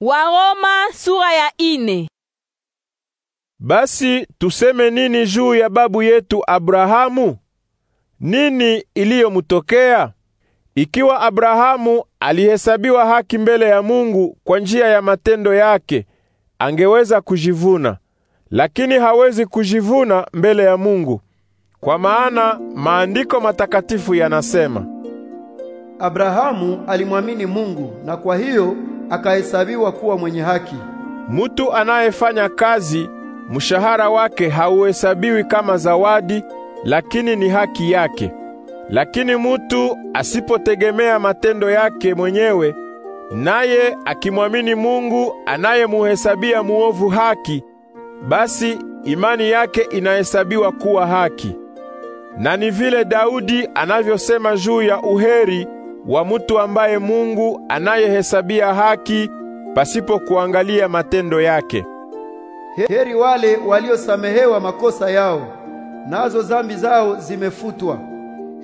Waroma sura ya ine. Basi tuseme nini juu ya babu yetu Abrahamu? Nini iliyomutokea? Ikiwa Abrahamu alihesabiwa haki mbele ya Mungu kwa njia ya matendo yake, angeweza kujivuna, lakini hawezi kujivuna mbele ya Mungu, kwa maana maandiko matakatifu yanasema, Abrahamu alimwamini Mungu na kwa hiyo akahesabiwa kuwa mwenye haki. Mutu anayefanya kazi, mshahara wake hauhesabiwi kama zawadi, lakini ni haki yake. Lakini mutu asipotegemea matendo yake mwenyewe, naye akimwamini Mungu anayemuhesabia muovu haki, basi imani yake inahesabiwa kuwa haki. Na ni vile Daudi anavyosema juu ya uheri wa mtu ambaye Mungu anayehesabia haki pasipo kuangalia matendo yake. Heri wale waliosamehewa makosa yao, nazo zambi zao zimefutwa.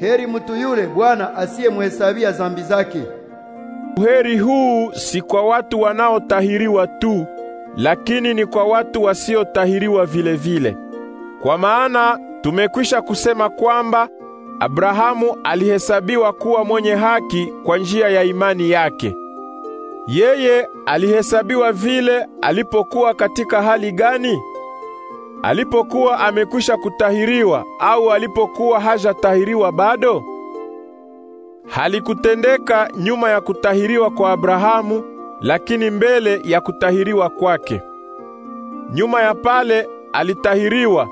Heri mtu yule Bwana asiyemhesabia zambi zake. Uheri huu si kwa watu wanaotahiriwa tu, lakini ni kwa watu wasiotahiriwa vile vile Kwa maana tumekwisha kusema kwamba Abrahamu alihesabiwa kuwa mwenye haki kwa njia ya imani yake. Yeye alihesabiwa vile alipokuwa katika hali gani? Alipokuwa amekwisha kutahiriwa au alipokuwa hajatahiriwa bado? Halikutendeka nyuma ya kutahiriwa kwa Abrahamu, lakini mbele ya kutahiriwa kwake. Nyuma ya pale alitahiriwa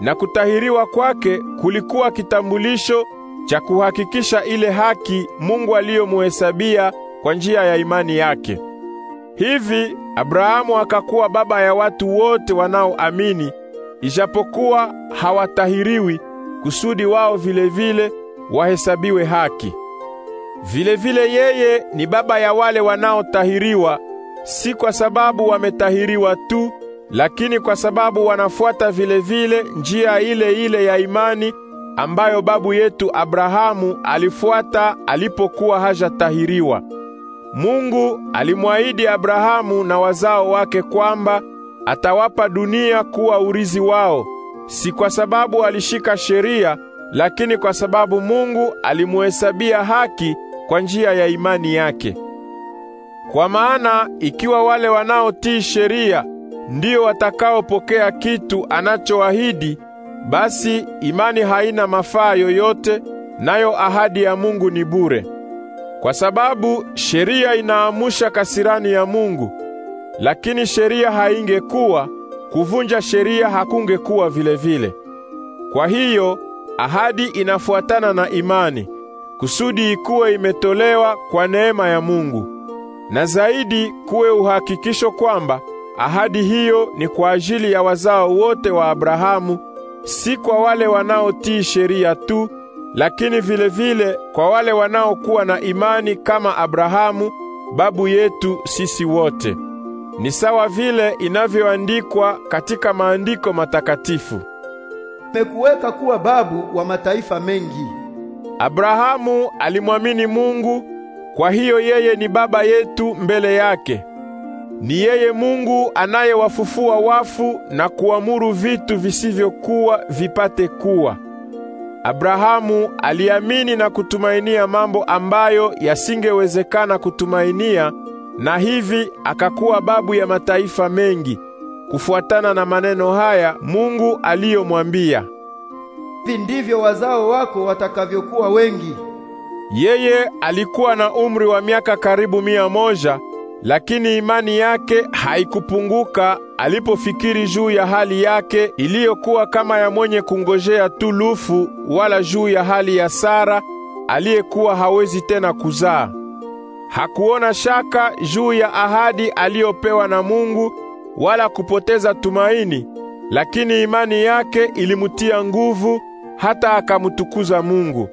na kutahiriwa kwake kulikuwa kitambulisho cha kuhakikisha ile haki Mungu aliyomuhesabia kwa njia ya imani yake. Hivi Abrahamu akakuwa baba ya watu wote wanaoamini, ijapokuwa hawatahiriwi, kusudi wao vile vile wahesabiwe haki. vile vile yeye ni baba ya wale wanaotahiriwa, si kwa sababu wametahiriwa tu lakini kwa sababu wanafuata vile vile njia ile ile ya imani ambayo babu yetu Abrahamu alifuata alipokuwa hajatahiriwa. Mungu alimwahidi Abrahamu na wazao wake kwamba atawapa dunia kuwa urizi wao, si kwa sababu alishika sheria, lakini kwa sababu Mungu alimuhesabia haki kwa njia ya imani yake. Kwa maana ikiwa wale wanaotii sheria ndio watakaopokea kitu anachoahidi, basi imani haina mafaa yoyote, nayo ahadi ya Mungu ni bure. Kwa sababu sheria inaamusha kasirani ya Mungu, lakini sheria haingekuwa, kuvunja sheria hakungekuwa vile vile. Kwa hiyo ahadi inafuatana na imani, kusudi ikuwe imetolewa kwa neema ya Mungu, na zaidi kuwe uhakikisho kwamba Ahadi hiyo ni kwa ajili ya wazao wote wa Abrahamu, si kwa wale wanaotii sheria tu, lakini vile vile kwa wale wanaokuwa na imani kama Abrahamu babu yetu sisi wote. Ni sawa vile inavyoandikwa katika maandiko matakatifu, mekuweka kuwa babu wa mataifa mengi. Abrahamu alimwamini Mungu, kwa hiyo yeye ni baba yetu mbele yake. Ni yeye Mungu anayewafufua wafu na kuamuru vitu visivyokuwa vipate kuwa. Abrahamu aliamini na kutumainia mambo ambayo yasingewezekana kutumainia na hivi akakuwa babu ya mataifa mengi. Kufuatana na maneno haya Mungu aliyomwambia, hivi ndivyo wazao wako watakavyokuwa wengi. Yeye alikuwa na umri wa miaka karibu mia moja lakini imani yake haikupunguka alipofikiri juu ya hali yake iliyokuwa kama ya mwenye kungojea tu lufu, wala juu ya hali ya Sara aliyekuwa hawezi tena kuzaa. Hakuona shaka juu ya ahadi aliyopewa na Mungu wala kupoteza tumaini, lakini imani yake ilimtia nguvu hata akamtukuza Mungu.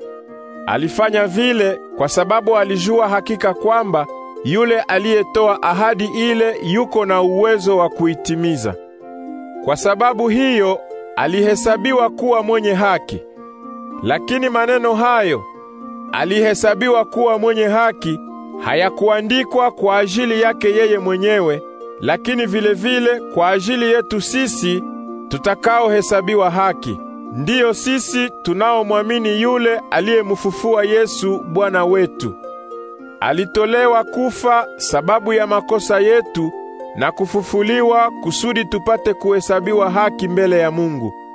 Alifanya vile kwa sababu alijua hakika kwamba yule aliyetoa ahadi ile yuko na uwezo wa kuitimiza. Kwa sababu hiyo alihesabiwa kuwa mwenye haki. Lakini maneno hayo alihesabiwa kuwa mwenye haki hayakuandikwa kwa ajili yake yeye mwenyewe, lakini vile vile kwa ajili yetu sisi tutakaohesabiwa haki. Ndiyo sisi tunaomwamini yule aliyemfufua Yesu Bwana wetu alitolewa kufa sababu ya makosa yetu na kufufuliwa kusudi tupate kuhesabiwa haki mbele ya Mungu.